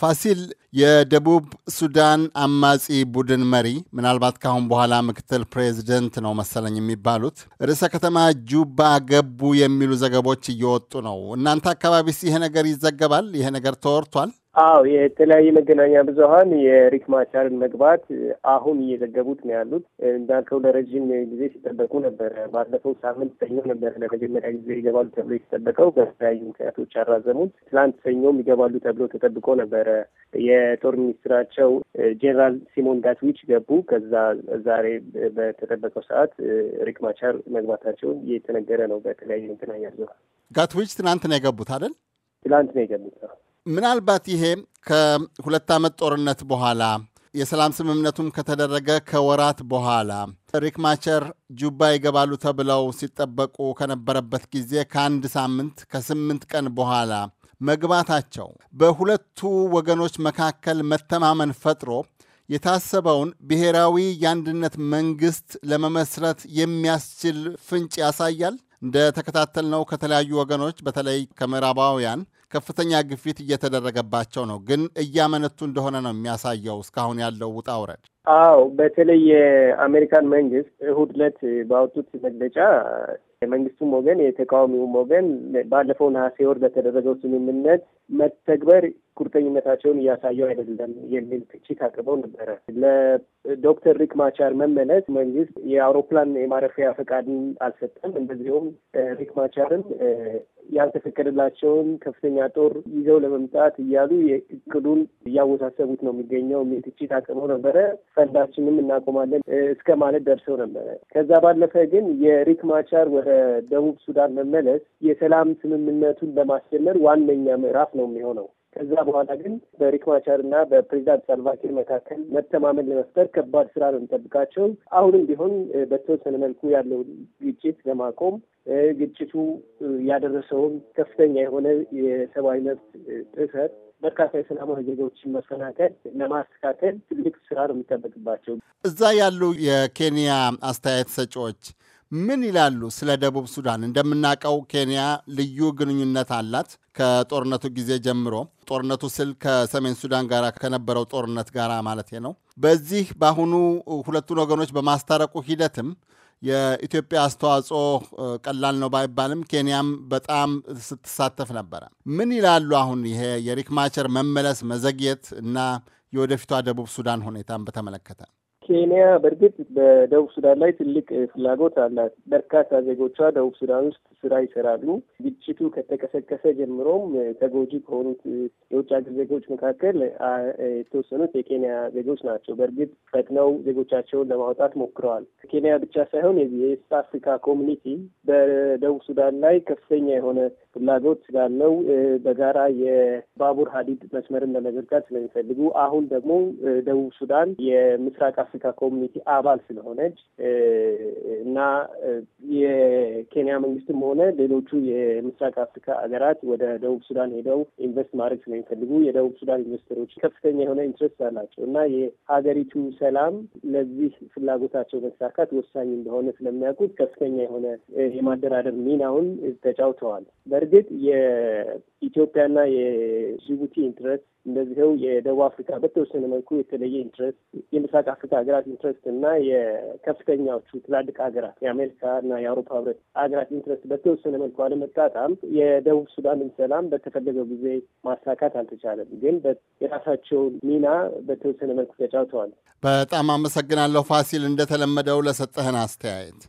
ፋሲል የደቡብ ሱዳን አማጺ ቡድን መሪ ምናልባት ካሁን በኋላ ምክትል ፕሬዚደንት ነው መሰለኝ የሚባሉት ርዕሰ ከተማ ጁባ ገቡ የሚሉ ዘገቦች እየወጡ ነው። እናንተ አካባቢስ ይሄ ነገር ይዘገባል? ይሄ ነገር ተወርቷል? አዎ የተለያየ መገናኛ ብዙሀን የሪክ ማቻርን መግባት አሁን እየዘገቡት ነው ያሉት። እንዳልከው ለረዥም ጊዜ ሲጠበቁ ነበረ። ባለፈው ሳምንት ሰኞ ነበረ ለመጀመሪያ ጊዜ ይገባሉ ተብሎ የተጠበቀው፣ በተለያዩ ምክንያቶች አራዘሙት። ትላንት ሰኞም ይገባሉ ተብሎ ተጠብቆ ነበረ። የጦር ሚኒስትራቸው ጄኔራል ሲሞን ጋትዊች ገቡ። ከዛ ዛሬ በተጠበቀው ሰዓት ሪክ ማቻር መግባታቸውን እየተነገረ ነው በተለያየ መገናኛ ብዙሀን። ጋትዊች ትናንት ነው የገቡት አይደል? ትላንት ነው የገቡት ምናልባት ይሄ ከሁለት ዓመት ጦርነት በኋላ የሰላም ስምምነቱም ከተደረገ ከወራት በኋላ ሪክ ማቸር ጁባ ይገባሉ ተብለው ሲጠበቁ ከነበረበት ጊዜ ከአንድ ሳምንት ከስምንት ቀን በኋላ መግባታቸው በሁለቱ ወገኖች መካከል መተማመን ፈጥሮ የታሰበውን ብሔራዊ የአንድነት መንግስት ለመመስረት የሚያስችል ፍንጭ ያሳያል። ነው ከተለያዩ ወገኖች በተለይ ከምዕራባውያን ከፍተኛ ግፊት እየተደረገባቸው ነው፣ ግን እያመነቱ እንደሆነ ነው የሚያሳየው እስካሁን ያለው ውጣ ውረድ። አዎ በተለይ የአሜሪካን መንግስት እሁድ ዕለት ባወጡት መግለጫ የመንግስቱም ወገን የተቃዋሚውም ወገን ባለፈው ነሐሴ ወር በተደረገው ስምምነት መተግበር ቁርጠኝነታቸውን እያሳየው አይደለም የሚል ትችት አቅርበው ነበረ። ለዶክተር ሪክ ማቻር መመለስ መንግስት የአውሮፕላን የማረፊያ ፈቃድን አልሰጠም። እንደዚሁም ሪክ ማቻርን ያልተፈቀደላቸውን ከፍተኛ ጦር ይዘው ለመምጣት እያሉ እቅዱን እያወሳሰቡት ነው የሚገኘው የሚል ትችት አቅርበው ነበረ። ፈንዳችንም እናቆማለን እስከ ማለት ደርሰው ነበረ። ከዛ ባለፈ ግን የሪክ ማቻር ወደ ደቡብ ሱዳን መመለስ የሰላም ስምምነቱን ለማስጀመር ዋነኛ ምዕራፍ ነው የሚሆነው። ከዛ በኋላ ግን በሪክ ማቻር እና በፕሬዚዳንት ሳልቫኪር መካከል መተማመን ለመፍጠር ከባድ ስራ ነው የሚጠብቃቸው። አሁንም ቢሆን በተወሰነ መልኩ ያለውን ግጭት ለማቆም ግጭቱ ያደረሰውን ከፍተኛ የሆነ የሰብአዊ መብት ጥሰት በርካታ የሰላማዊ ዜጋዎችን መፈናቀል ለማስተካከል ትልቅ ስራ ነው የሚጠበቅባቸው። እዛ ያሉ የኬንያ አስተያየት ሰጪዎች ምን ይላሉ ስለ ደቡብ ሱዳን? እንደምናውቀው ኬንያ ልዩ ግንኙነት አላት ከጦርነቱ ጊዜ ጀምሮ። ጦርነቱ ስል ከሰሜን ሱዳን ጋር ከነበረው ጦርነት ጋር ማለት ነው። በዚህ በአሁኑ ሁለቱን ወገኖች በማስታረቁ ሂደትም የኢትዮጵያ አስተዋጽኦ ቀላል ነው ባይባልም ኬንያም በጣም ስትሳተፍ ነበረ። ምን ይላሉ አሁን ይሄ የሪክ ማቸር መመለስ መዘግየት እና የወደፊቷ ደቡብ ሱዳን ሁኔታን በተመለከተ ኬንያ በእርግጥ በደቡብ ሱዳን ላይ ትልቅ ፍላጎት አላት። በርካታ ዜጎቿ ደቡብ ሱዳን ውስጥ ስራ ይሰራሉ። ግጭቱ ከተቀሰቀሰ ጀምሮም ተጎጂ ከሆኑት የውጭ ሀገር ዜጎች መካከል የተወሰኑት የኬንያ ዜጎች ናቸው። በእርግጥ ፈጥነው ዜጎቻቸውን ለማውጣት ሞክረዋል። ኬንያ ብቻ ሳይሆን የዚህ የኢስት አፍሪካ ኮሚኒቲ በደቡብ ሱዳን ላይ ከፍተኛ የሆነ ፍላጎት ስላለው በጋራ የባቡር ሀዲድ መስመርን ለመዘርጋት ስለሚፈልጉ አሁን ደግሞ ደቡብ ሱዳን የምስራቅ አፍሪካ የአፍሪካ ኮሚኒቲ አባል ስለሆነች እና የኬንያ መንግስትም ሆነ ሌሎቹ የምስራቅ አፍሪካ ሀገራት ወደ ደቡብ ሱዳን ሄደው ኢንቨስት ማድረግ ስለሚፈልጉ የደቡብ ሱዳን ኢንቨስተሮች ከፍተኛ የሆነ ኢንትረስት አላቸው እና የሀገሪቱ ሰላም ለዚህ ፍላጎታቸው መሳካት ወሳኝ እንደሆነ ስለሚያውቁት ከፍተኛ የሆነ የማደራደር ሚናውን ተጫውተዋል። በእርግጥ የኢትዮጵያና የጅቡቲ ኢንትረስት እንደዚህው የደቡብ አፍሪካ በተወሰነ መልኩ የተለየ ኢንትረስት የምስራቅ አፍሪካ ሀገራት ኢንትረስት እና የከፍተኛዎቹ ትላልቅ ሀገራት የአሜሪካ እና የአውሮፓ ህብረት ሀገራት ኢንትረስት በተወሰነ መልኩ አለመጣጣም የደቡብ ሱዳንን ሰላም በተፈለገው ጊዜ ማሳካት አልተቻለም። ግን የራሳቸውን ሚና በተወሰነ መልኩ ተጫውተዋል። በጣም አመሰግናለሁ ፋሲል፣ እንደተለመደው ለሰጠህን አስተያየት።